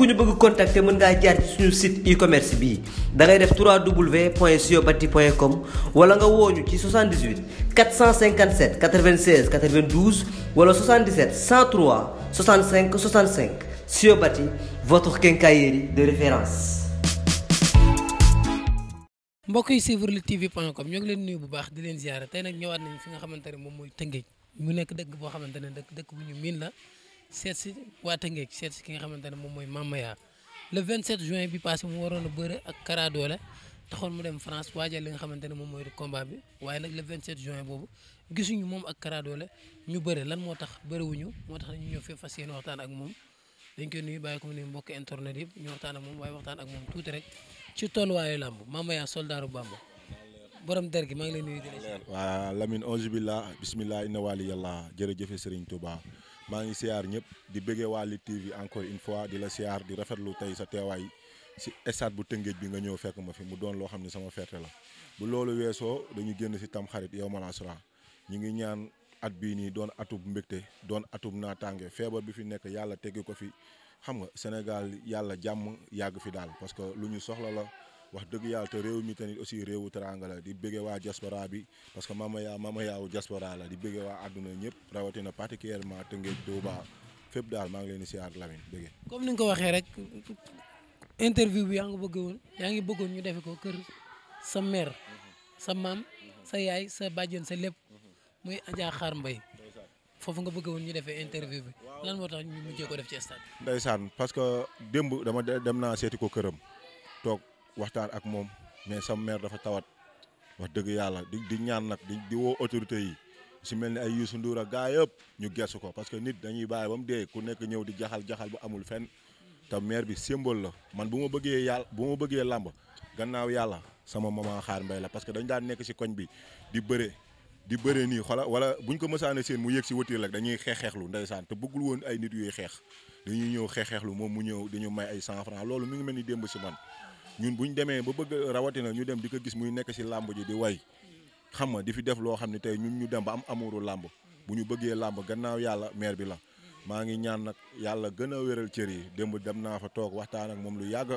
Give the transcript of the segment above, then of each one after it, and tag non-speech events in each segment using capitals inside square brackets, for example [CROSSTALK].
ku ñu bëgg contacter mën ngaa jaar ci suñu site e-commerce bi da def 3w point siobati point com wala nga wooñu ci 78 457 96 92 wala 77 103 65 65 Siobati votre quincaillerie de référence. mbokk yi suivre Lutte TV point com ñoo ngi leen nuyu bu baax di leen ziyaara tey nag ñëwaat nañu fi nga xamante ne moom mooy Tëngéej mu nekk dëkk boo xamante ne dëkk dëkk bu ñu miin la. seet si waa Tëngéej seet ki nga xamante ne moom mooy Mamaya le 27 juin bi passé mu waroon a bëre ak Kara Dollé taxoon mu dem France waajal li nga xamante ne moom mooy combat bi waaye nag le 27 juin boobu gisuñu moom ak Kara Dollé ñu bëre lan moo tax bëriwuñu moo tax ñu ñëw fee fas yéene waxtaan ak moom dañ koy nuyu bàyyi ko mu nuyu mbokk internet yëpp ñu waxtaan ak moom waaye waxtaan ak moom tuuti rek ci tolluwaayu làmb Mamaya soldaaru Bamba borom der gi maa ngi lay nuyu di la. waaw Lamine auzu billah bismillah inna wali yàlla jërëjëf Serigne maa ngi siyaar ñëpp di bëggee waa Lutte TV encore une fois di la siyaar di rafetlu tey sa teewaay si stade bu Tëngéej bi nga ñëw fekk ma fi mu doon loo xam ne sama ferte la bu loolu weesoo dañu génn si tam xarit yow ma la ñu ngi ñaan at bii nii doon atub mbégte doon atub naataange feebar bi fi nekk yàlla teggi ko fi xam nga Sénégal yàlla jàmm yàgg fi daal parce que lu ñu soxla la. wax dëgg yàlla te réew mi tamit aussi réew teranga la di bëggee waa diaspora bi parce que mama yaa mama yaawu diaspora la di bëggee waa àdduna ñëpp rawatina particulièrement Tëngéej Touba fépp daal maa ngi leen di siyaar Lamine bëggee. comme ni nga ko waxee rek interview bi yaa ngi bëggoon yaa ngi bëggoon ñu defe ko kër sa mère sa maam sa yaay sa bàjjen sa lépp muy Adja Xaar Mbaye foofu nga bëgg woon ñu defee interview bi lan moo tax ñu mujjee ko def ci stade. ndeysaan parce que démb dama dem naa seeti ko këram toog waxtaan ak moom mais sama mère dafa tawat wax dëgg yàlla di di ñaan nag di di woo autorité yi si mel ni ay Youssou Ndour ak gaa yëpp ñu gesu ko parce que nit dañuy bàyyi ba mu dee ku nekk ñëw di jaxal jaxal bu amul fen te mère bi symbole la man bu ma bëggee yàlla bu ma bëggee làmb gannaaw yàlla sama maman xaar mbay la parce que dañu daan nekk si koñ bi di bëre di bëre nii xola wala bu buñ ko mësaane seen mu yëg si wëtir rek dañuy xeexeexlu ndeysaan te bëggul ay nit yooyu xeex dañuy ñëw xeexeexlu moom mu ñëw dañu may ay cent loolu mi ngi mel ni démb si man ñun bu ñu demee ba bëgg rawatina ñu dem di ko gis muy nekk si làmb ji di way xam nga di fi def loo xam ne tey ñun ñu dem ba am amuru làmb bu ñu bëggee làmb gannaaw yàlla maire bi la maa ngi ñaan nag yàlla gën a wéral cër yi démb dem naa fa toog waxtaan ak moom lu yàgg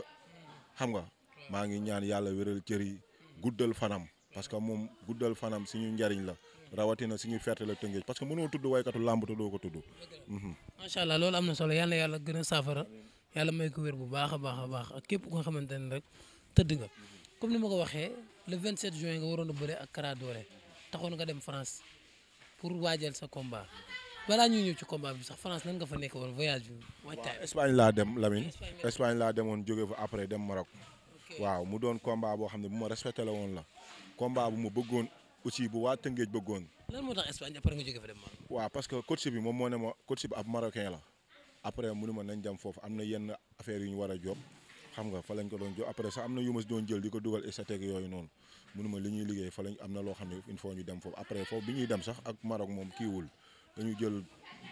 xam nga maa ngi ñaan yàlla wéral cër yi guddal fanam parce que moom guddal fanam suñu njariñ la rawatina suñu ferte la tëngéej parce que mënoo tudd waykatu làmb te doo ko tudd. Mhm. macha allah loolu am na solo yàlla yàlla gën a saafara. yàlla may ko bu baax a baax a baax képp ku nga xamante ne rek tëdd nga comme ni ma ko waxee le 27 juin nga waroon a bëre ak Kara Dollé taxoon nga dem France pour waajal sa combat balaa ñuy ñëw ci combat bi sax France nan nga fa nekk woon voyage bi. waaw Espagne laa dem Lamine Espagne laa demoon jóge fa après dem Maroc. waaw mu doon combat boo xam ne bu ma respecté la woon la combat bu ma bëggoon aussi bu waa Tëngéej bëggoon. lan moo tax Espagne après nga jóge fa dem Maroc. waaw que coach bi moo ne ma coach bi ab marocain la. après mu ma nañ dem foofu am na yenn affaire yu ñu war a job xam nga fa lañ ko doon job après sax am na yu ma doon jël di ko dugal échec yooyu noonu mu ne ma li ñuy liggéey fa lañ am na loo xam ne il faut ñu dem foofu après foofu bi ñuy dem sax ak Maroc moom kiiwul dañu jël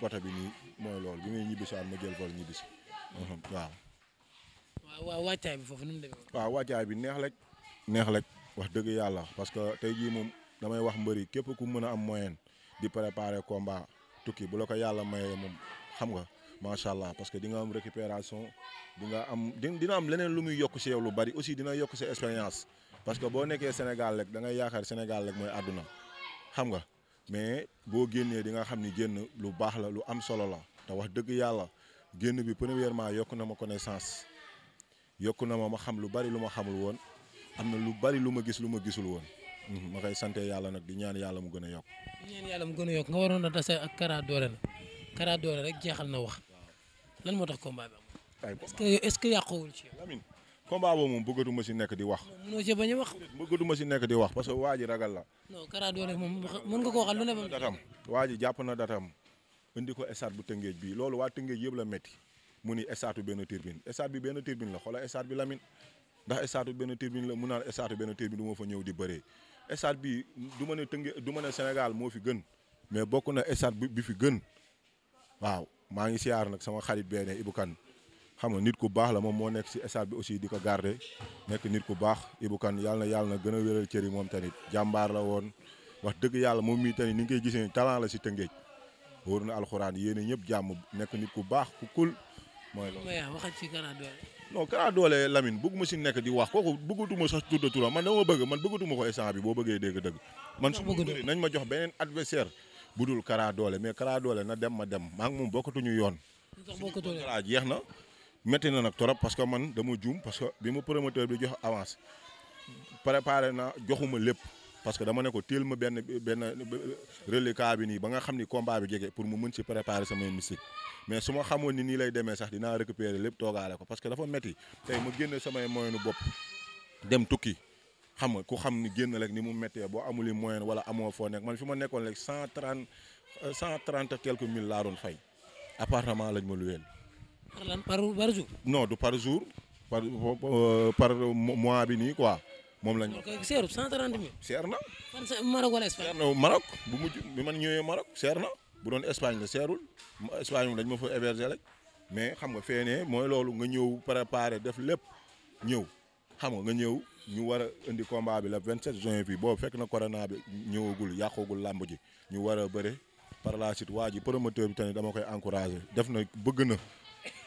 bato bi nii mooy loolu bi muy ñibbisaan ma jël vol ñibbisi mhm, waaw. waaw wàccaay bi foofu nu mu demee. waaw wàccaay bi neex lek neex lek wax dëgg yàlla parce que tey jii moom damay wax mbëri képp ku mën a am moyen di préparer combat tukki bu la ko yàlla mayee moom xam nga. macha allah parce que di nga am récupération di nga am dina am leneen lu muy yokk si yow lu bari aussi dina yokk sa expérience parce que boo nekkee Sénégal rek da ngay yaakaar Sénégal rek mooy àdduna xam nga mais boo génnee di nga xam ni génn lu baax la lu am solo la te wax dëgg yàlla génn bi premièrement yokk na ma connaissance yokk na ma ma xam lu bari lu ma xamul woon am na lu bari lu ma gis lu ma gisul woon mhm, ma koy sante yàlla nag di ñaan yàlla mu gën a yokk. di rek jeexal na wax. lan moo tax combat bi am. est-ce que est-ce moom bëggatu ma si nekk di wax. mënoo si wax. bëggatu ma si nekk di wax parce que waa ji ragal la. non Kara moom mën nga ko waxal lu ne ba. datam waa ji jàpp na datam indi ko stade bu Tëngéej bi loolu waa Tëngéej yëpp la métti mu ni stade benn turbine stade bi benn tiir turbine la xoolal stade bi Lamine ndax stade benn tiir turbine la mun a stade benn turbine du duma fa ñëw di bëree stade bi du ma ne Tëngéej du ma ne Sénégal moo fi gën mais bokk na stade bi fi gën waaw maa ngi siyaar nag sama xarit benn Ibou Kane xam nga nit ku baax la moom moo nekk si stade bi aussi di ko garder nekk nit ku baax Ibou Kane yàlla yàlla na gën a wéral cër yi moom tanit jàmbaar la woon wax dëgg yàlla moom mii tamit ni nga koy gisee talent la si Tëngéej wóor na alxuraan yéen ñëpp jàmm nekk nit ku baax ku kul mooy loolu. waaw waxal ci Kara Dollé. non Kara Dollé Lamine bëgg ma si nekk di wax kooku bëggatuma sax tuddaturam man dama bëgg man bëggatuma ko instant bi boo bëggee dégg-dëgg. man su nañ ma jox beneen adversaire bu dul Kara Dollé mais Kara Dollé na dem ma dem maa ngi moom bokkatuñu yoon. Kara jeex na métti na nag trop parce que man dama juum parce que bi ma promoteur bi jox avance préparé na joxuma lépp parce que dama ne ko téel ma benn benn reliquat bi nii ba nga xam ni combat bi jege pour mu mën si préparer samay mystique mais su ma xamoon ni nii lay demee sax dinaa récupérer lépp toogaale ko parce que dafa métti tey ma génne samay moyenu bopp dem tukki xam nga ku xam ni génn rek ni mu méttee boo i moyen wala amoo foo nekk man fi ma nekkoon rek cent trente euh, cent trente quelques mille laa doon fay appartement lañ ma luweel. par lan par par jour. non du par par euh, par mois bi nii quoi. moom lañu ma ko seeru cent trente mille. seer na. Maroc wala Espagne. seer na Maroc bu mujj bi man ñëwee Maroc seer na bu doon Espagne la seerul Espagne dañ ma fa héberger rek mais xam nga fee ne mooy loolu nga ñëw préparer def lépp ñëw xam nga nga ñëw. ñu war a indi combat bi la vingt 27 juin bi boobu fekk na corona bi ñëwagul yàqoogul làmb ji ñu war a bëre par la suite waa ji promoteur bi tamit dama koy encouragé def na bëgg na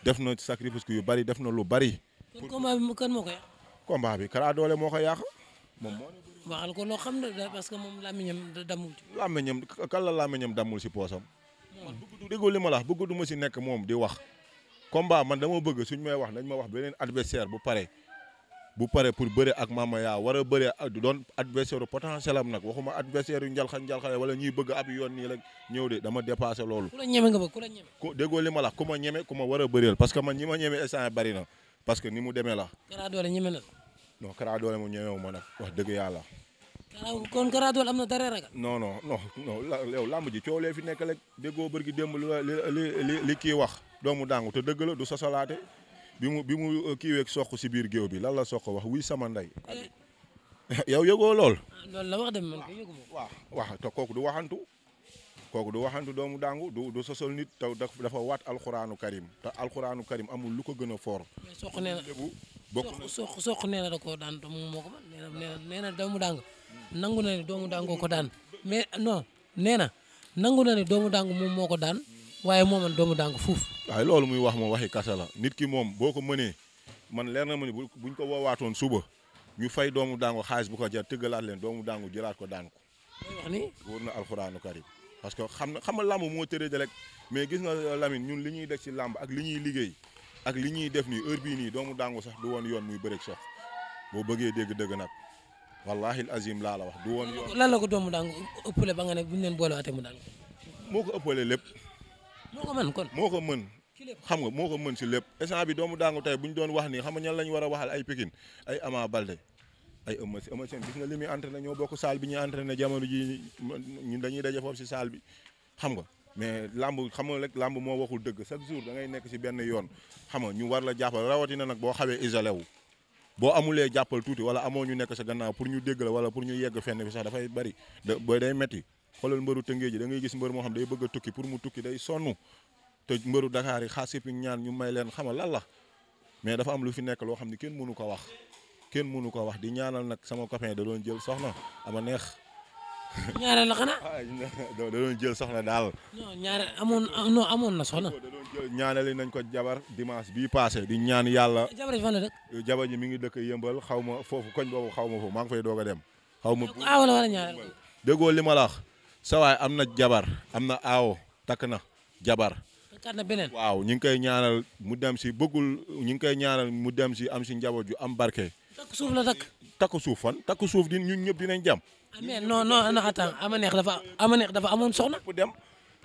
def na sacrifice yu bari def na lu bari. kon combat bi kan moo bi Kara Dollé moo ko yàq moom moo. waxal ko loo xam ne parce que moom làmmiñam damul ci. làmmiñam kan la làmmiñam damul si poosam. man bëgg déggoo li ma la wax bëgg duma si nekk moom di wax. combat man dama bëgg suñ may wax nañ ma wax beneen adversaire bu pare. bu pare pour bëri ak Mama yaa war a bëre doon adversaire potentiel am nag waxuma adversaire yu njalxa njalxale wala ñuy bëgg ab yoon nii rek ñëw de dama dépassé loolu. ku la ñeme nga ba ku la ñeme. ku déggoo li ma a bëreel parce que man ñi ma ñeme instant bari na que ni mu demee la. Kara Dollé ñeme na. non Kara ma nag wax dëgg yàlla. kon Kara Dollé na dara ragal. non non non non làmb ji coow lee fi nekk rek déggoo bër gi démb li li li kii wax doomu dàngu te dëgg la du sosalaate bi mu bi mu uh, kiiweeg soq si biir géew bi lan la soq wax wuy sama ndey. Eh. [LAUGHS] yow yëgoo lool. Ah, loolu la wax de man kay yëguma waaw waaw te kooku du waxantu kooku du waxantu doomu daangu du du sosol nit te dafa waat alxuraanu karim amul lu ko gën a foor. soq nee na bokk na soq soq nee na da koo daan moom moo ko man nee na nee na doomu daang nangu na ne doomu daangoo moom moo ko daan. waaye moom man doomu dànk fuuf waaye loolu muy wax moom waxi kasa la nit ki moom boo ko mënee man leer na ma ni buñ ko woowaatoon suba ñu fay doomu dàngu xaalis bu ko jar tëggalaat leen doomu dàngu jëlaat ko daan ko wax ni wóor na alxuraanu karim parce que xam na xam nga làmb moo tëree rek mais gis nga euh, Lamine ñun li ñuy def ci làmb ak li ñuy liggéey ak li ñuy def nii heure bii nii doomu dàngu sax du woon yoon muy bëreeg sox boo bëggee dégg dëgg nag wallahi azim laa la wax du woon yoon lan la ko doomu dàngu ëppale ba nga ne bu ñu leen boolewaatee mu daan ko ko ëppale lépp moo ko mën kon moo ko mën. xam nga moo mën si lépp instant bi doomu daangu tey bu ñu doon wax nii xam nga ñan la ñu war a waxal ay Pikine ay Ama Balde ay Eumeu Sène Eumeu Sène gis nga li muy entraîné ñoo bokk salle bi ñuy entraîné jamono ji ñun dañuy daje foofu si saal bi xam nga mais làmb xam nga rek làmb moo waxul dëgg chaque jour da ngay nekk si benn yoon xam nga ñu war la jàppal rawatina nag boo xawee isolé wu boo amulee jàppal tuuti wala amoo ñu nekk sa gannaaw pour ñu dégg la wala pour ñu yegg fenn bi sax dafay bari da day metti xoolal mbëru tëngee ji da ngay gis mbër moo xam day bëgg a tukki pour mu tukki day sonn te mbëru Dakar yi xaas yëpp ñaan ñu may leen xamal lan la mais dafa am lu fi nekk loo xam ne kenn mënu ko wax kenn mënu ko wax di ñaanal nag sama copain da doon jël soxna ama neex. ñaareel la xanaa. da doon jël soxna daal. amoon amoon na soxna. da doon jël ñaanali nañ ko jabar dimanche bii passé di ñaan yàlla. Ah, jabar ji fan mi ngi dëkk yëmbal xaw ma foofu koñ boobu xaw ma foofu maa ngi fay doog a dem. xaw ma ah déggoo li sa am na jabar am na aawo takk na jabar. waaw ñu ngi koy ñaanal mu dem si bëggul ñu ngi koy ñaanal mu dem si am si njaboot ju am barke. takk suuf la takk. takk suuf fan takk suuf di ñun ñëpp dinañ jàmm. mais non non non attends ama neex dafa am neex dafa amoon soxna. ku dem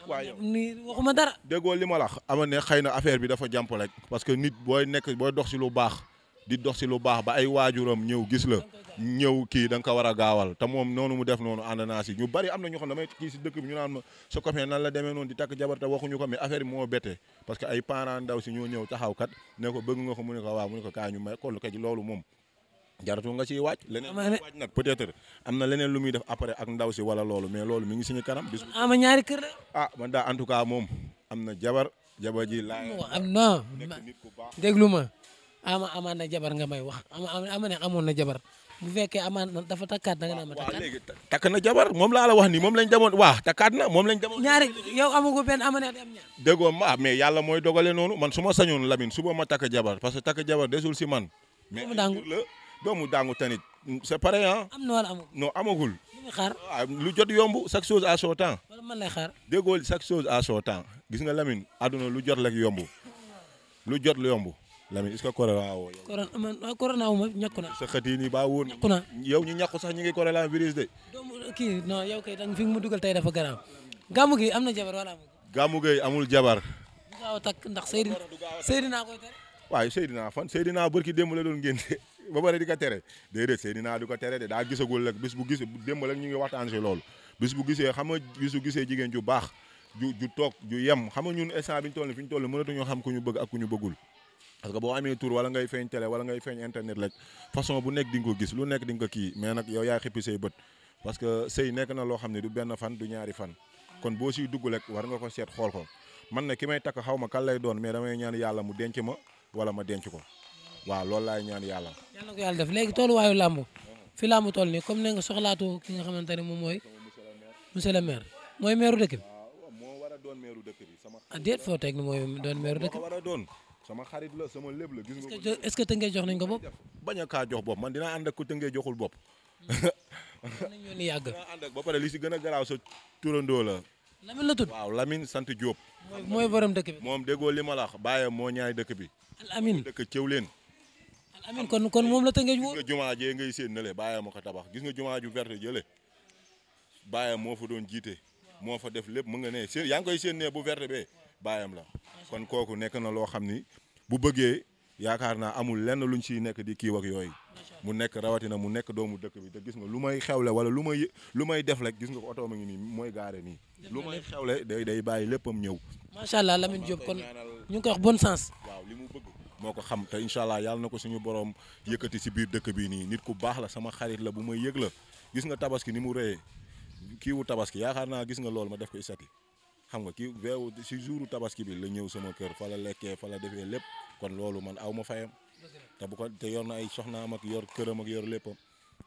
waaw yow ni waxuma dara. déggoo li ma la ama xëy na affaire bi dafa jàmp rek. parce que nit booy nekk booy dox si lu baax. di dox si lu baax ba ay waajuram ñëw gis la ñëw kii da nga ko war gaawal te moom noonu mu def noonu ànd naa si ñu bari am na ñoo xam damay kii si bi ñu naan ma sa copain nan la demee noonu di takk jabar te waxuñu ko mais affaire bi moo bette parce que ay parents taxaw kat ne ko bëgg nga ko mu ne ko waaw mu ne ko moom jaratu nga ciy wàcc leneen wàcc nag peut-être am na leneen lu muy def après ak ndaw si loolu mais loolu mi ngi suñu kanam bis ama ñaari kër ah man daa en tout cas am na jabar jabar ji laa am na déglu ma ama amaan na jabar nga may wax ama amoon na jabar bu fekkee amaan na dafa takkaat da nga naan ma takkaat waaw na jabar moom laa la wax ni moom lañ demoon waaw takkaat na moom lañ demoon. ñaari yow amagu benn ama ne dem ñaar. déggoo ma mais yàlla mooy dogale noonu man suma sañoon Lamine suba ma takk jabar parce que takk jabar desul si man. doomu daangu mais doomu daangu tamit c'est am na wala amagul non amagul. xaar ah, lu jot yomb chaque chose à son temps. wala man lay xaar. déggoo chaque chose à son temps gis nga Lamine àdduna lu jot rek yomb lu yomb. Lamine est-ce corona woo yow. corona man waaw corona wu ma ñàkk na. sa xët yi baa woon. ñàkk na yow ñu ñàkku sax ñu ngi corona virus de. doomu kii non yow kay dang fi mu dugal tey dafa garaaw. gàmmu gi am na jabar wala amul. gàmmu gi amul jabar. du gaaw a takk ndax Seydina Seydina koy tere. waaw Seydina fan Seydina bërki démb la doon génne [LAUGHS] ba pare di ko tere déedéet Seydina du ko tere de daa gisagul rek bis bu gis démb rek ñu ngi waxtaan lool loolu bis bu gisee xam nga bis bu gisee jigéen ju baax ju ju toog ju yem xam nga ñun instant bi ñu toll fi ñu toll mënatuñu xam ku ñu bëgg ak ku ñu bëggul parce que boo amee tour wala ngay feeñ télé wala ngay feeñ internet rek façon bu nekk di ko gis lu nekk di ko kii mais nag yow yaa xippi say bët parce que sëy nekk na loo xam ne du benn fan du ñaari fan kon boo siy dugg rek war nga ko seet xool ko man na ki may takk xaw ma kan lay doon mais damay ñaan yàlla mu denc ma wala ma ko waaw loolu laay ñaan yàlla. yàlla ko yàlla def léegi tolluwaayu làmb fi làmb toll nii comme ne nga soxlaatoo ki nga xamante ne moom mooy monsieur le dëkk bi. moo war a doon maire dëkk bi sama. ah déet foo teg ni mooy doon maire dëkk bi. war a doon sama xarit la sama lépp la. gis nga ko est-ce que Tëngéej jox nañ ko bopp. bañ a kaa jox bopp man dinaa ànd ak ku Tëngéej joxul bopp. nañ yoon yàgg. dinaa ànd ak ba gën a garaaw sa la. waaw Lamine sant Diop. mooy borom moom déggoo li ma la wax bàyyam moo ñaay dëkk bi. al amin dëkk cëw leen. kon kon moom la Tëngéej woo. gis nga jumaa jee ngay séen na le bàyyam moo ko tabax gis nga jumaa ju verte jële bàyyam moo fa doon jiite moo fa def lépp mu nga ne seen yaa ngi koy séen ne bu verte bee baayam la kon kooku nekk na loo xam ni bu bëggee yaakaar naa amul lenn lu luñ ciy nekk di kii ak yooyu mu nekk rawatina mu nekk doomu dëkk bi te gis nga lu may xewle wala lu may lu may def rek gis nga ko oto ma ngi nii mooy gaare nii lu may xewle day day bàyyi léppam ñëw macha allah Lamine Diop bon sens waaw li mu bëgg moo ko xam te incha allah na ko suñu borom yëkkati si biir dëkk bi nii nit ku baax la sama xarit la bu may yëg la gis nga tabaski ni mu rëyee kii wu tabaski yaakaar naa gis nga loolu ma def ko isati xam nga ki weewu si jouru tabaski bi la ñëw sama kër fa la lekkee fa la defee lépp kon loolu man aw ma fayam te bu ko te yor na ay soxnaam ak yor këram ak yor léppam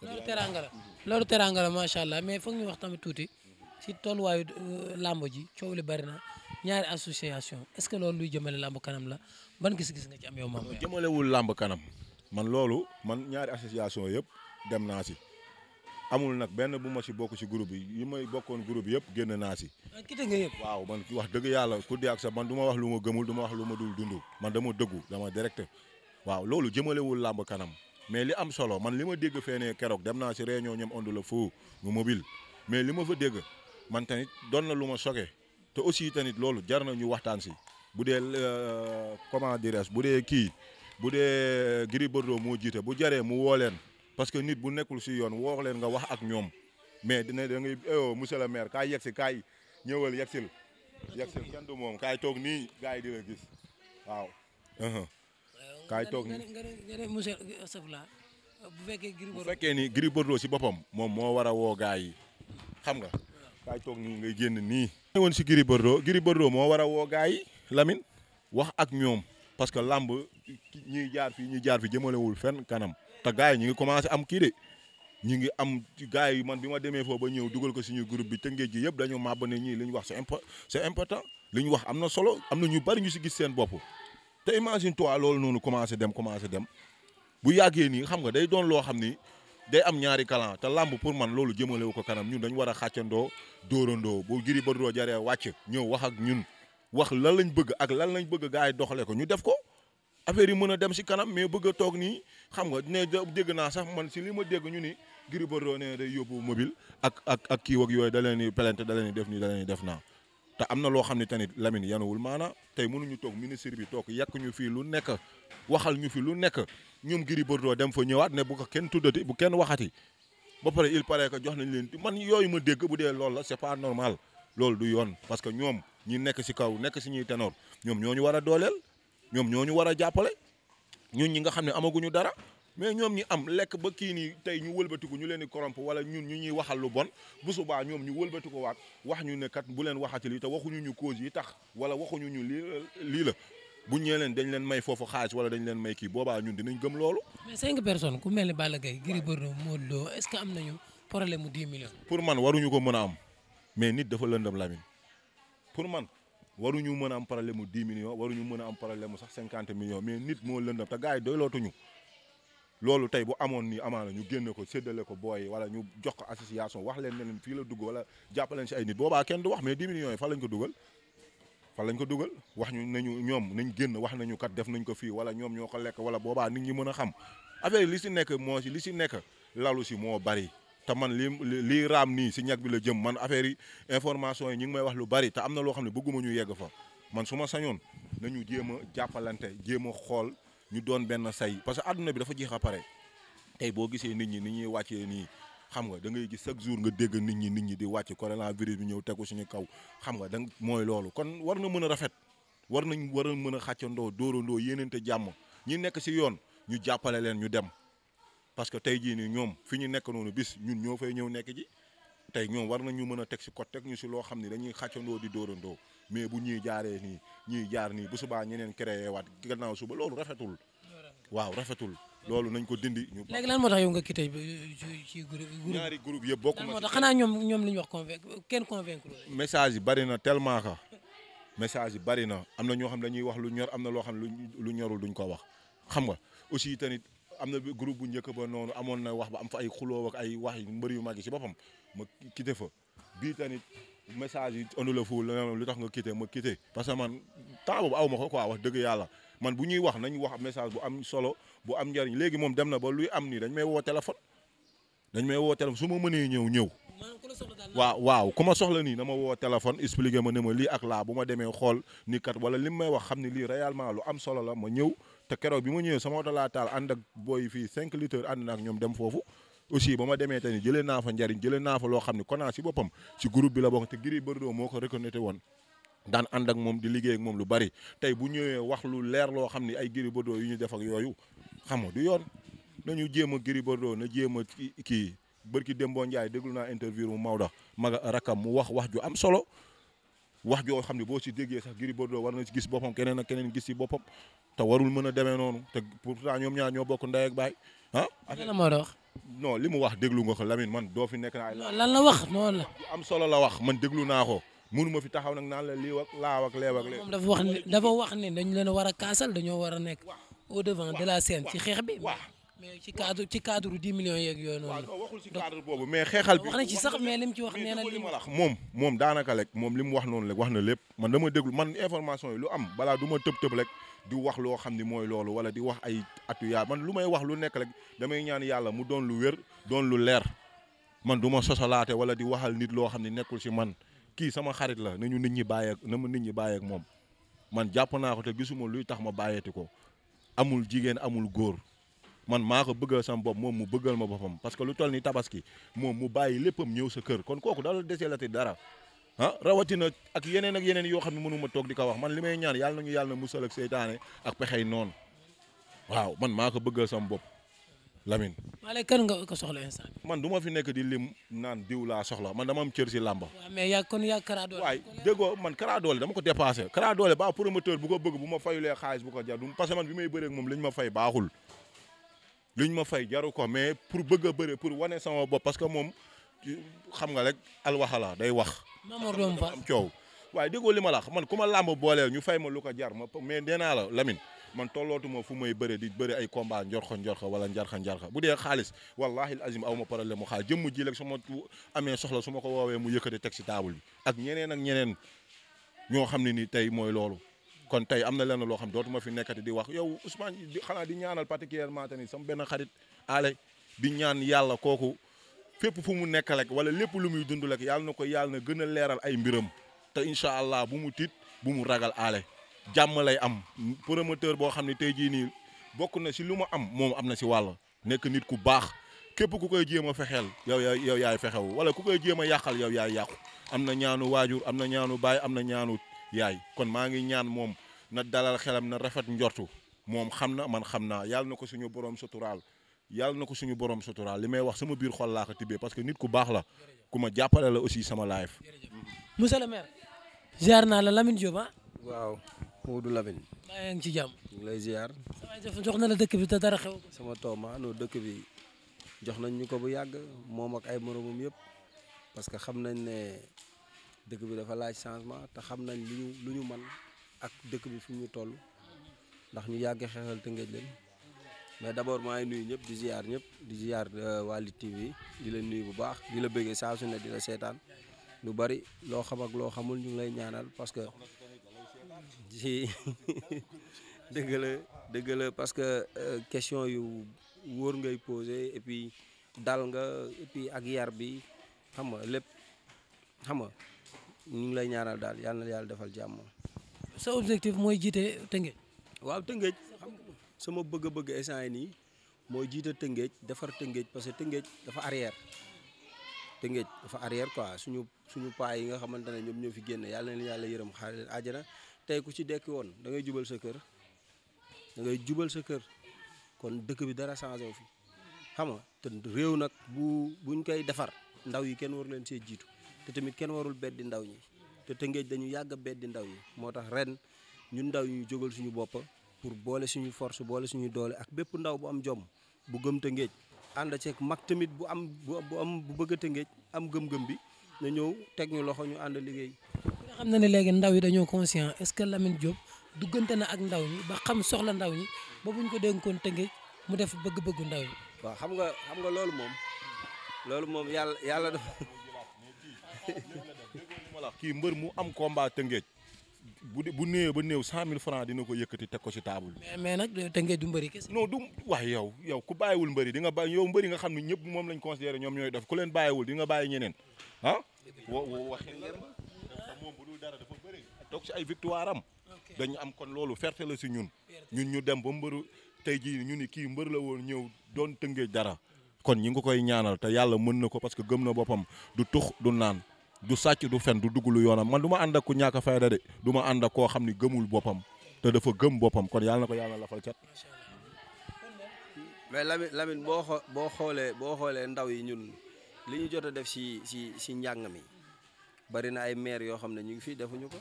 loolu teranga la loolu teranga la macha allah mais foog ñu wax tamit tuuti si tolluwaayu euh, làmb ji coow li bari na ñaari association est-ce que loolu luy jëmale làmb kanam la ban gis-gis nga ci am yow maam jëmalewul làmb kanam man loolu man ñaari association yëpp dem naa si amul nag benn bu ma si bokk si groupe yi yi may bokkoon groupe yëpp génn naa si. Euh, waaw man wax dëgg yàlla ku dee ak sa man du ma wax lu ma gëmul duma ma lu ma dul dund man dama dëggu dama direct waaw loolu jëmalewul làmb kanam mais li am solo man li ma dégg fee ne keroog dem naa si réunion ñoom ondu la foo mu mobile mais li ma fa dégg man tamit doon na lu ma soge te aussi tanit loolu jar na ñu waxtaan si bu dee euh, comment dirais-je bu dee kii bu dee Gris Bordeaux moo jiite bu jaree mu woo leen parce que nit bu nekkul si yoon woo leen nga wax ak ñoom mais dina da ngay oh, monsieur le maire kaay yegsi ñëwal yegsil yegsil kenn du moom kaay toog nii gars yi di la gis waaw. Uh-huh. kaay toog bu fekkee ni Gris si boppam moom moo war a woo gars yi xam nga. kaay toog nii ngay génn nii. ne si Gris Bordeaux moo war a woo gars yi wax ak ñoom parce que làmb ñiy jaar fii ñuy jaar fi jëmalewul fenn kanam. te gars yi ñu ngi commencé am kii de ñu ngi am gars yi man bi ma demee foofu ba ñëw dugal ko suñu groupe bi tëngéej gi yëpp dañoo màbb ne ñii li ñu wax c'est impo c'est important li ñu wax am na solo am na ñu bari ñu si gis seen bopp te imagine toi loolu noonu commencé dem commencé dem bu yàggee nii xam nga day doon loo xam ni day am ñaari kalan te làmb pour man loolu jëmalewu ko kanam ñun dañu war a xàccandoo dóorandoo bu Gris Bordeaux jaree wàcc ñëw wax ak ñun wax lan lañ bëgg ak lan lañ bëgg gars yi doxalee ko ñu def ko affaire yi mën a dem si kanam mais bëgg a toog nii xam nga ne dégg naa sax man si li ma dégg ñu ni Gris Bordeaux ne day yóbbu mobile ak ak ak kii wak yooyu da leen di plainte da leen di def nii da leen def naa te am na loo xam ne tamit Lamine yanuwul maana tey mënuñu toog ministre bi toog yàq ñu fii lu nekk waxal ñu fi lu nekk ñoom Gris Bordeaux dem fa ñëwaat ne bu kenn tuddati bu kenn waxati ba pare il paraît que jox nañ leen man yooyu ma dégg bu dee loolu la c'est pas normal loolu du yoon parce que ñoom ñi nekk si kaw nekk si ñuy ténor ñoom ñoo ñu war a dooleel ñoom ñoo ñu war a jàppale ñun ñi nga xam ne amaguñu dara mais ñoom ñi am lekk ba kii nii tey ñu wëlbatiku ñu leen di corrompe wala ñun ñu ñuy waxal lu bon bu subaa ñoom ñu wëlbatiku waat wax ñu ne kat bu leen waxati yi te waxuñu ñu cause yi tax wala waxuñu ñu lii lii la bu ñee leen dañ leen may foofu xaalis wala dañ leen may kii boobaa ñun dinañ gëm loolu. mais cinq personnes ku mel ni Balla Gaye Gris Bordeaux Modou Lo est-ce que am nañu problème mu 10 pour man waruñu ko mën a am mais nit dafa lëndam Lamine pour man waruñu mën a am problème mu 10 millions waruñu mën a am problème mu sax 50 millions mais nit moo lëndam te gars yi doylootuñu loolu tey bu amoon ni amaana ñu génn ko séddale ko booy wala ñu jox ko association wax leen ne leen fii la dugg wala jàppaleen si ay nit boobaa kenn du wax mais 10 millions yi fan lañ ko dugal fan lañ ko dugal wax ñu nañu ñoom nañ génn wax nañu kat def nañ ko fii wala ñoom ñoo ko lekk wala boobaa nit ñi mën a xam affaire li si nekk moo si li si nekk lalu si moo bari te man li lii raam nii si ñag bi la jëm man affaire yi information yi ñu ngi may wax lu bari te am na loo xam ne bëgguma ñu yegg fa man su ma sañoon nañu jéem a jàppalante jéem a xool ñu doon benn say parce que àdduna bi dafa jeex a pare tey boo gisee nit ñi ni ñuy wàccee nii xam nga da ngay gis chaque jour nga dégg nit ñi nit ñi di wàcc coronavirus bi ñëw tegu suñu kaw xam nga da mooy loolu kon war na mën a rafet war nañ war a mën a xàccandoo dóorandoo yéenente jàmm ñi nekk si yoon ñu jàppale leen ñu dem parce que tey jii nii ñoom fi ñu nekk noonu bis ñun ñoo fay ñëw nekk ji tey ñoom war na ñu mën a teg si ko teg ñu si loo xam ni dañuy xàccandoo di dóorandoo mais bu ñuy jaaree nii ñuy jaar nii bu subaa ñeneen créé waat gannaaw suba loolu rafetul waaw rafetul loolu nañ ko dindi. ñu léegi lan moo tax yow nga quitté ci groupe ñaari groupe yëpp bokk ma tax xanaa ñoom ñoom li ñu wax convaincre kenn convaincre message yi bari na tellement que message yi bari na am na ñoo xam dañuy wax lu ñor am na loo xam lu ñorul duñ ko wax xam nga aussi tamit am na groupe bu njëkk ba noonu amoon na wax ba am fa ay xuloo ak ay wax yu mbër yu mag yi ci boppam ma quitté fa bii tamit message yi Onde le Fou la lu tax nga quitté ma quitté parce que man temps boobu aw ma ko quoi wax dëgg yàlla man bu ñuy wax nañ wax message bu am solo bu am njariñ léegi moom dem na ba luy am nii dañ may woo téléphone dañ may woo téléphone su ma mënee ñëw ñëw waaw waaw ku soxla nii na ma woo téléphone expliqué ma ne ma lii ak laa bu ma demee xool ni kat wala li may wax xam ne lii réellement lu am solo la ma ñëw te keroog bi ma ñëwee sama oto laa taal ànd ak booy fii cinq litres ànd na ak ñoom dem foofu aussi ba ma demee tey jëlee naa fa njariñ jële naa fa loo xam ne Kona si boppam si groupe bi la bokk te Gris Bordeaux moo ko reconnaître woon daan ànd ak moom di liggéeyak moom lu bari tey bu ñëwee wax lu leer loo xam ni ay Gris yu ñu def ak yooyu xam nga du yoon nañu jéem a Gris Bordeaux na jéem a kii bërki Dembo Ndiaye déglu naa interview mu Maodo maga rakam mu wax wax ju am solo wax joo xam ne boo ci déggee sax Gris Bordeaux war na ci gis boppam keneen ak keneen gis ci boppam te warul mën a demee noonu te pourtant ñoom ñaar ñoo bokk ndey ak baay ah. lan moo wax. li mu wax déglu nga ko Lamine man doo fi nekk naa. lan la wax noonu la. am solo la wax man déglu naa ko mënu ma fi taxaw nag naan la lii ak laaw ak lee. moom dafa wax ne dafa wax ne dañ leen a war a kaasal dañoo war a nekk. au devant de la scène ci xeex bi. mais ci cadre ci cadre dix millions yeeg yooyu noonu. waaw waxul ci boobu mais xeexal bi. wax sax mais lim ci wax nee na ma wax moom moom daanaka rek moom li mu wax noonu rek wax na lépp man dama déglu man information yi lu am balaa duma ma tëb tëb rek di wax loo xam ni mooy loolu wala di wax ay atu yaa man lu may wax lu nekk rek damay ñaan yàlla mu doon lu wér doon lu leer man du ma sosalaate wala di waxal nit loo xam ne nekkul si man kii sama xarit la nañu nit ñi bàyyeek na ma nit ñi bàyyeek moom man jàpp naa ko te gisuma luy tax ma bàyyeeti ko amul jigéen amul góor man maa ko bëggal sama bopp moom mu bëggal ma boppam parce que lu toll ni tabaski moom mu bàyyi léppam ñëw sa kër kon kooku daal desee la te dara ah rawatina ak yeneen ak yeneen yoo xam ne mënuma toog di ko wax man li may ñaan yàlla nañu yàlla na musal ak seytaane ak pexey noonu waaw man maa ko bëggal sama bopp Lamine. maa lay kan nga ko soxla instant man du ma fi nekk di lim naan diw soxla man dama am cër si làmba. waaw mais man Kara Dollé dama ko dépassé Kara Dollé ba promoteur bu may bëree ak moom li ñu ma lu ñu ma fay jaru ko mais pour bëgg a bëri pour wane sama bopp parce que moom xam nga rek alwaxala day wax. Mamor doom fa am coow. waaye déggoo li ma la wax man ku ma làmb booleel ñu fay ma lu ko jar ma mais nee naa la Lamine man tollootuma fu may bëre di bëri ay combat njorxo njorxo wala njar njarxa bu dee xaalis wallahi azim aw ma problème mu xaalis jëmm ji rek su ma amee soxla su ma ko woowee mu yëkkati teg si table bi ak ñeneen ak ñeneen ñoo xam ne ni tey mooy loolu kon tey am na lenn loo xam dootuma fi nekkati di wax yow Ousmane xanaa di ñaanal particulièrement tamit sama benn xarit aale bi ñaan yàlla kooku fépp fu mu nekk rek wala lépp lu muy dund rek yàlla na ko yàlla na gën a leeral ay mbiram te incha allah bu mu tiit bu mu ragal aale jàmm lay am promoteur boo xam ne tey jii nii bokk na si lu ma am moom am na si wàll nekk nit ku baax képp ku koy jéem ma fexeel yow yow yaay fexewu wala ku koy jéem a yàqal yow yaay yàqu am na ñaanu waajur am na ñaanu baay am na ñaanu yaay kon maa ngi ñaan moom na dalal xelam na rafet njortu moom xam na man xam naa yàlla na ko suñu borom suturaal yàlla na ko suñu borom suturaal li may wax sama biir xol laa ko tibbee parce que nit ku baax la ku ma jàppale la aussi sama live. monsieur a maire. ziar naa la Lamine Diop ah. waaw Modou Lamine. maa ngi ci jàmm. ñu ngi lay ziar. sama jox na la dëkk bi te dara xew. sama tooma ah, no dëkk bi jox nañ ñu ko bu yàgg moom ak ay moromam yëpp parce que xam nañ dëkk bi dafa laaj changement te xam nañ lu ñu lu ñu man ak dëkk bi fu ñu toll ndax ñu yàgg xeexal te ngéej leen mais d'abord maa ngi nuyu ñëpp di ziar ñëpp di ziar euh, waa Lutte TV di la nuyu bu baax di la bëggee saa su di la seetaan lu bari loo xam ak loo xamul ñu ngi lay ñaanal parce que ci [LAUGHS] [LAUGHS] dëgg la dëgg la parce que euh, question yu wóor ngay posé et puis dal nga et ak yar bi xam nga lépp xam nga ñu ngi lay ñaanal daal yal na yàlla defal jàmm. sa objectif mooy jiite Tëngéej. waaw Tëngéej xam sama bëgg-bëgg instant nii mooy jiite Tëngéej defar Tëngéej parce que Tëngéej dafa arrière Tëngéej dafa arrière quoi suñu suñu paa yi nga xamante ne ñoom ñoo fi génne yàlla na yàlla yërëm xaar leen àjjana tey ku ci dekk woon da ngay jubal sa kër da ngay jubal sa kër kon dëkk bi dara changé wu fi xam nga te réew nag bu buñ koy defar ndaw yi kenn war leen see jiitu. te tamit kenn warul beddi ndaw ñi te Tëngéej dañu yàgg a beddi ndaw yi moo tax ren ñun ndaw ñu jógal suñu bopp pour boole suñu force boole suñu doole ak bépp ndaw bu am jom bu gëm Tëngéej ànd ceeg mag tamit bu am bu am bu bëgg a Tëngéej am gëm-gëm bi na ñëw teg ñu loxo ñu ànd liggéey. nga xam na ne léegi ndaw yi dañoo conscient est-ce que duggante na ak ndaw ñi ba xam soxla ndaw ñi ba buñ ko dénkoon Tëngéej mu def bëgg-bëggu ndaw yi waaw xam nga xam nga loolu moom loolu moom yàlla yàlla dafa kii mbër mu am combat tëngeej bu bu néew ba néew cent mille francs dina ko yëkkati teg ko ci table mais mais nag tëngeej du mbëri no non du wax yow yow ku bàyyiwul mbëri di nga bàyyi yow mbëri nga xam ne ñëpp moom lañ considéré ñoom ñooy def ku leen bàyyiwul di nga bàyyi ñeneen ah waxin leen moom bu dul dara dafa bëri toog ci ay victoire am am kon loolu fierté la si ñun ñun ñu dem ba mbëru tey jii ñu ni kii mbër la woon ñëw doon tëngeej dara kon ñi ngi koy ñaanal te yàlla mën na ko parce que gëm na boppam du tux du naan du sàcc du fen du dugg lu yoonam man du ma ànd ak ku ñàkk fayda de du ma ànd ak koo xam ni gëmul boppam te dafa gëm boppam kon yàlla na ko yàlla lafal cat. mais Lamine Lamine boo xoo boo xoolee boo xoolee ndaw yi ñun li ñu jot a def ci si si njàng mi bari na ay maire yoo xam ne ñu ngi fii defuñu ko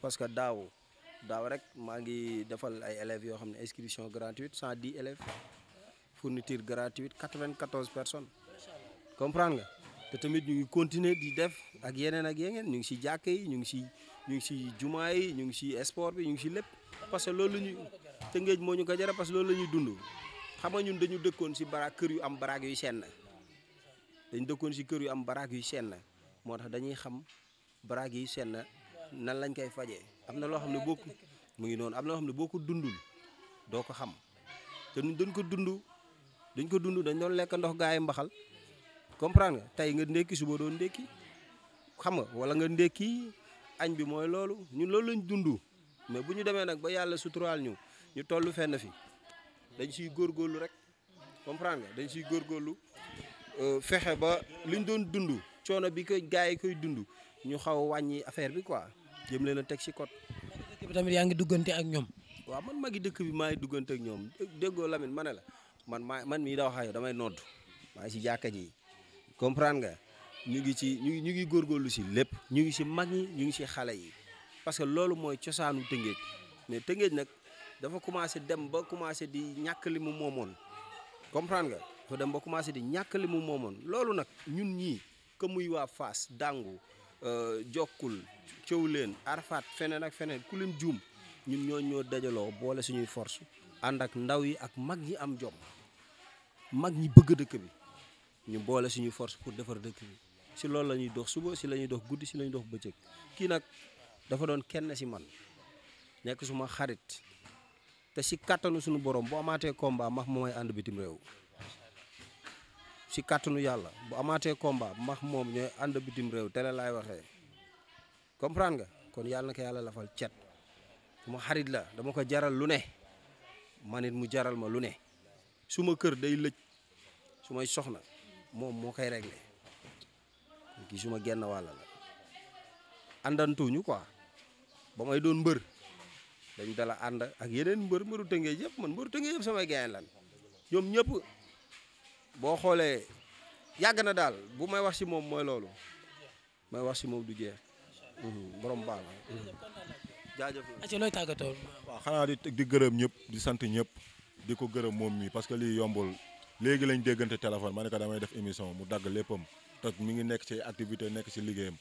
parce que daaw daaw rek maa ngi defal ay élèves yoo xam ne inscription gratuite cent dix élèves fourniture gratuite quatre vingt quatorze personnes comprendre nga. te tamit ñu ngi continuer di def ak yeneen ak yeneen ñu ngi si jàkk yi ñu ngi ci ñu ngi si jumaa yi ñu ngi ci sport bi ñu ngi ci lépp parce que loolu la ñu moo ñu ko jara parce que loolu la ñuy dund xam nga ñun dañu dëkkoon si baraak kër yu am baraak yu seen dañ dëkkoon si kër yu am baraak yu seen moo tax dañuy xam baraak yu seen nan lañ koy fajee am na loo xam ne boo ko mu ngi noonu am loo xam ne boo ko dundul doo ko xam te ñun dañ ko dund dañ ko dund dañ doon lekk ndox gaay mbaxal comprendre nga tey nga ndékki suba doon ndékki xam nga wala nga ndékki añ bi mooy loolu ñun loolu lañ dund mais bu ñu demee nag ba yàlla suturaal ñu ñu toll fenn fi dañ siy góorgóorlu rek comprendre nga dañ siy góorgóorlu euh, fexe ba ñu doon dund coono bi koy gars yi koy dund ñu xaw a wàññi affaire bi quoi jëm leen a teg si code. dëkk bi tamit yaa ngi duggante ak ñoom. waaw man magi dëkk bi maa ngi duggante ak ñoom déggoo Lamine ma ne la man maa man mii da wax yow damay nodd maa si jàkka ji comprendre nga ñu ngi ci ñu ñu ngi góorgóorlu si lépp ñu ngi si mag ñi ñu ngi si xale yi parce que loolu mooy cosaanu tëngéej mais tëngéej nag dafa commencé dem ba commencé di ñàkk li mu moomoon comprendre nga dem ba commencé di ñàkk li moomoon loolu nag ñun ñi que muy waa Fass Dangu euh, Jokkul Cëwleen Arfat feneen ak feneen ku juum ñun ñoo ñoo dajaloo boole suñuy force ànd ak ndaw yi ak mag ñi am jom mag ñi bëgg dëkk bi ñu boole suñu force pour defar dëkk bi si loolu la ñuy dox suba si lañuy ñuy dox guddi si la ñuy dox bëccëg kii nag dafa doon kenn si man nekk suma xarit te si kàttanu suñu borom bu amaatee combat max mooy ànd bitim réew si kàttanu yàlla bu amaatee combat max moom ñooy ànd bitim réew tele laay waxe comprend nga kon yàlla na ko yàlla lafal cet suma xarit la dama ko jaral lu ne man mu jaral ma lu ne suma kër day lëj sumay soxna moom moo koy réglé suma genn wàll la àndantuñu quoi ba may doon mbër dañ dala ànd ak yeneen mbër mbëru tëngee yëpp man mbëru tëngee yëpp samay gaay lan ñoom ñëpp boo xoolee yàgg na daal bu may wax si moom mooy loolu may wax si moom du jeex mhm, borom baax la mhm. jaajëf la looy xanaa di di gërëm ñëpp di sant ñëpp di ko gërëm moom mii parce que lii yombul léegi lañ déggante téléphone ma ne ko damay def émission mu dagg léppam te mi ngi nekk ci activité nekk ci liggéeyam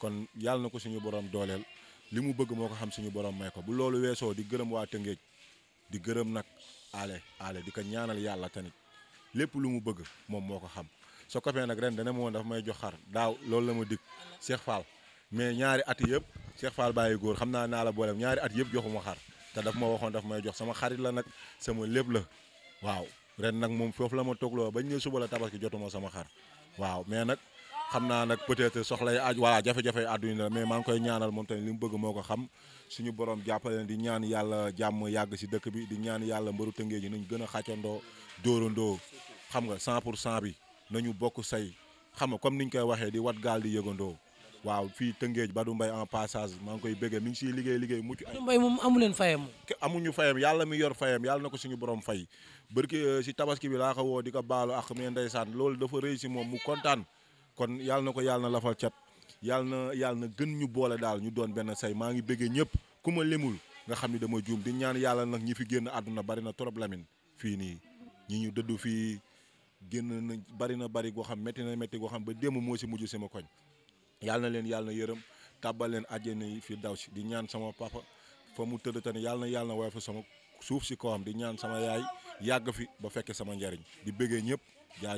kon yàlla na ko suñu boroom dooleel li mu bëgg moo ko xam suñu borom may ko bu loolu weesoo di gërëm waa Tëngéej di gërëm nag ale ale di ko ñaanal yàlla tamit lépp lu mu bëgg moom moo ko xam soo copee nag ren dana ma dafa may jox xar daaw loolu la ma dig Cheikh Fall mais ñaari at yëpp Cheikh faal bàyyi góor xam naa naa la boolem ñaari at yëpp joxuma xar te daf ma waxoon daf may jox sama xarit la nag sama lépp la waaw ren nag moom foofu la ma toogloo bañ ne suba la tabaski jotuma sama xar waaw mais nag xam naa nag peut-être soxlay aaj voilà jafe-jafe àdduna la mais maa ngi koy ñaanal moom tamit li mu bëgg moo ko xam suñu borom jàppale di ñaan yàlla jàmm yàgg si dëkk bi di ñaan yàlla mbaru tëngee ji nañ gën a xàccandoo dóorandoo xam nga 100 pour 100 bi nañu bokk say xam nga comme niñ koy waxee di wat gaal di yëgandoo waaw fii Tëngéej Badou mbay en passage maa ngi koy bëggee mi ngi siy liggéey liggéey mucc ay Badou Mbaye moom amu leen fayam amuñu fayam yàlla mi yor fayam yàlla na ko suñu borom fay barki euh, si tabaski bi laa ko woo di ko baalu ak mais ndeysaan loolu dafa rëy si moom mu kontaan kon yàlla na ko yàlla na lafal cat yàlla na yàlla na gën ñu boole daal ñu doon benn say maa ngi bëggee ñëpp ku ma limul nga xam ni dama juum di ñaan yàlla nag ñi fi génn àdduna bari na trop lamin fii nii ñi ñu dëddu fii génn na bari na bari goo xam métti na métti goo xam ba démb moo si mujj sama koñ yal na leen yàlla na yërëm tàbbal leen àjjana yi fi daw si di ñaan sama papa fa mu tëdd tane yàlla na yàlla na waaye fa sama suuf si kawam di ñaan sama yaay yàgg fi ba fekkee sama njariñ di bëggee ñëpp jaay